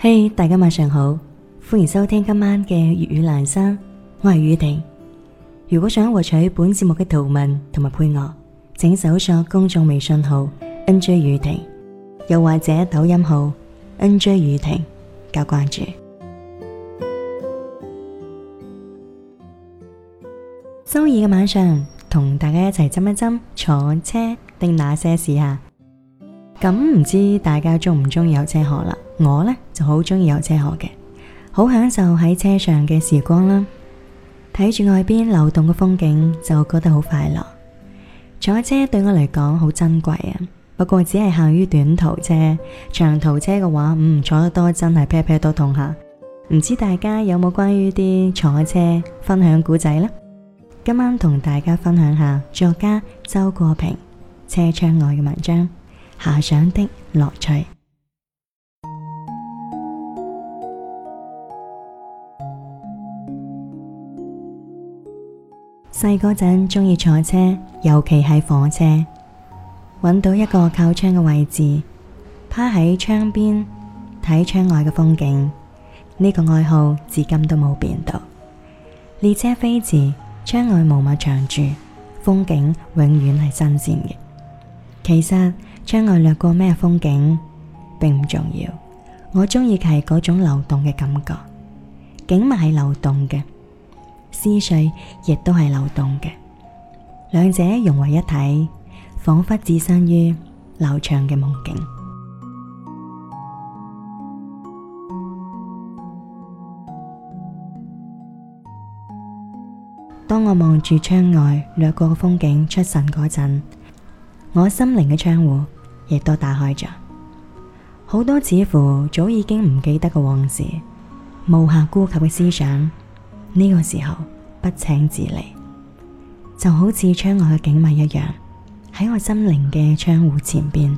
嘿，hey, 大家晚上好，歡迎收聽今晚嘅粵語欄目，我係宇婷。如果想獲取本節目嘅圖文同埋配樂，請搜索公眾微信號 nj 宇婷，又或者抖音號 nj 宇婷，加關注。周二嘅晚上，同大家一齊斟一斟坐車定那些事啊！咁唔知大家中唔中意有車河啦？我呢就好中意有車河嘅，好享受喺車上嘅時光啦。睇住外邊流動嘅風景，就覺得好快樂。坐車對我嚟講好珍貴啊，不過只係限於短途車，長途車嘅話，嗯，坐得多真係 pat pat 都痛下。唔知大家有冇關於啲坐車分享古仔呢？今晚同大家分享下作家周國平車窗外嘅文章。遐想的樂趣。細嗰陣鍾意坐車，尤其係火車，搵到一個靠窗嘅位置，趴喺窗邊睇窗外嘅風景。呢、這個愛好至今都冇變到。列車飛馳，窗外無物長駐，風景永遠係新鮮嘅。其實。窗外掠過咩風景，並唔重要。我中意嘅係嗰種流動嘅感覺，景物係流動嘅，思緒亦都係流動嘅，兩者融為一體，仿佛置身於流暢嘅夢境。當我望住窗外掠過嘅風景出神嗰陣，我心靈嘅窗戶。亦都打開咗好多似乎早已經唔記得嘅往事，無暇顧及嘅思想，呢、這個時候不請自嚟，就好似窗外嘅景物一樣，喺我心靈嘅窗戶前邊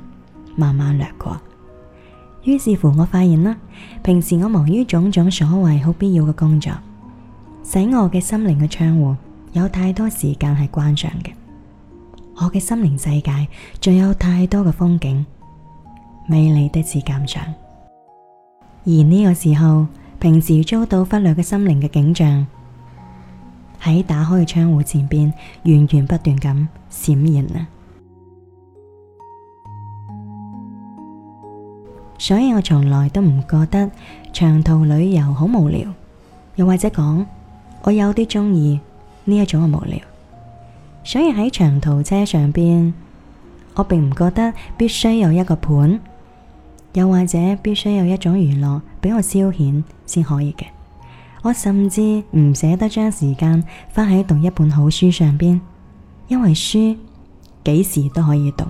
慢慢掠過。於是乎，我發現啦，平時我忙於種種所謂好必要嘅工作，使我嘅心靈嘅窗戶有太多時間係關上嘅。我嘅心靈世界仲有太多嘅風景，未被鑑賞。而呢個時候，平時遭到忽略嘅心靈嘅景象，喺打開嘅窗戶前邊，源源不斷咁閃現啊！所以我從來都唔覺得長途旅遊好無聊，又或者講，我有啲中意呢一種嘅無聊。所以喺長途車上邊，我並唔覺得必須有一個伴，又或者必須有一種娛樂俾我消遣先可以嘅。我甚至唔捨得將時間花喺讀一本好書上邊，因為書幾時都可以讀，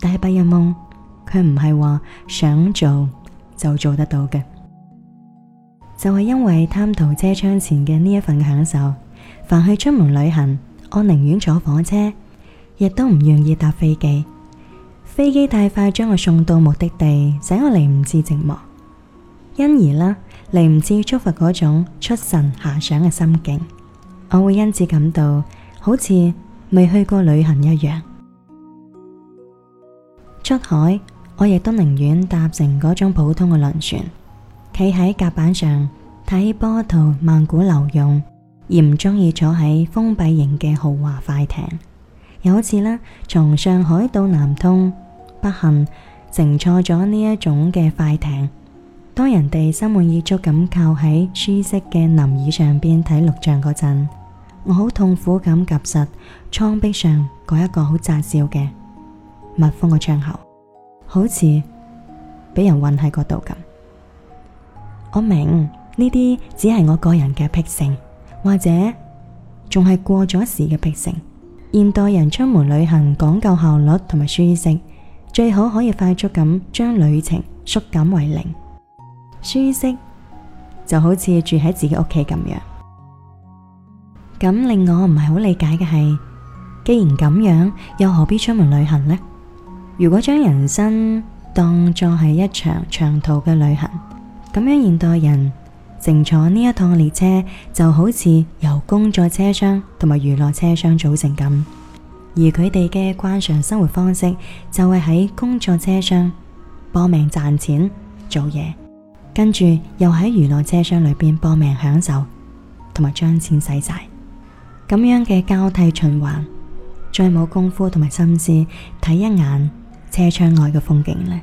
但係白日夢佢唔係話想做就做得到嘅。就係因為貪圖車窗前嘅呢一份享受，凡去出門旅行，我寧願坐火車，亦都唔願意搭飛機。飛機太快將我送到目的地，使我嚟唔至寂寞，因而呢嚟唔至觸發嗰種出神遐想嘅心境。我會因此感到好似未去過旅行一樣。出海，我亦都寧願搭乘嗰種普通嘅輪船，企喺甲板上睇波濤萬古流湧。而唔中意坐喺封閉型嘅豪華快艇，有一次呢從上海到南通，不幸乘坐咗呢一種嘅快艇。當人哋心滿意足咁靠喺舒適嘅林椅上邊睇錄像嗰陣，我好痛苦咁夾實艙壁上嗰一個好窄小嘅密封嘅窗口，好似俾人困喺嗰度咁。我明呢啲只係我個人嘅癖性。或者仲係過咗時嘅癖性。現代人出門旅行講究效率同埋舒適，最好可以快速咁將旅程縮減為零，舒適就好似住喺自己屋企咁樣。咁令我唔係好理解嘅係，既然咁樣，又何必出門旅行呢？如果將人生當作係一場長途嘅旅行，咁樣現代人。乘坐呢一趟列車就好似由工作車廂同埋娛樂車廂組成咁，而佢哋嘅慣常生活方式就會喺工作車廂搏命賺錢做嘢，跟住又喺娛樂車廂裏邊搏命享受同埋將錢使晒，咁樣嘅交替循環，再冇功夫同埋心思睇一眼車窗外嘅風景咧。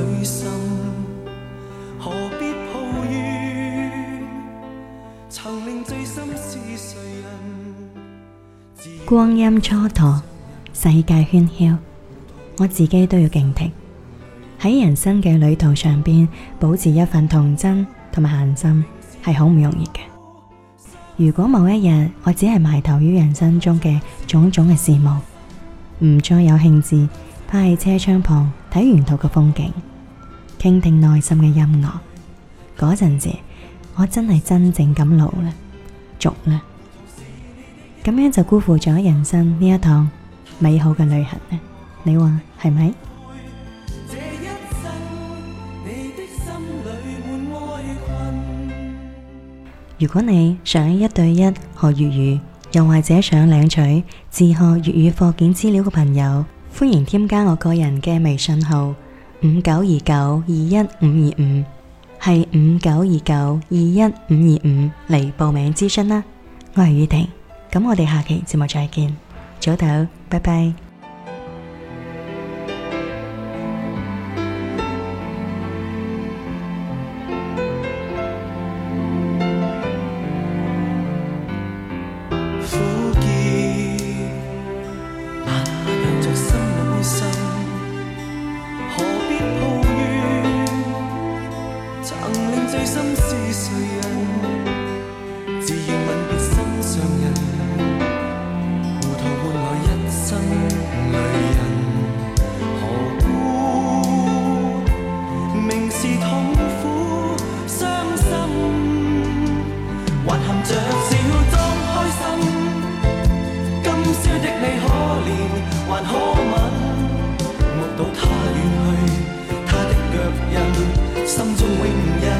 何必抱怨？光陰蹉跎，世界喧囂，我自己都要警惕。喺人生嘅旅途上邊，保持一份童真同埋閒心，係好唔容易嘅。如果某一日我只係埋頭於人生中嘅種種嘅事務，唔再有興致，趴喺車窗旁睇沿途嘅風景。傾聽內心嘅音樂，嗰陣時我真係真正咁老啦，俗啦，咁樣就辜負咗人生呢一趟美好嘅旅行啦。你話係咪？是是如果你想一對一學粵語，又或者想領取自學粵語課件資料嘅朋友，歡迎添加我個人嘅微信號。五九二九二一五二五，係五九二九二一五二五嚟報名諮詢啦，我係宇婷，咁我哋下期節目再見，早唞，拜拜。追的你可憐，還可憫，目睹他遠去，他的腳印，心中永印。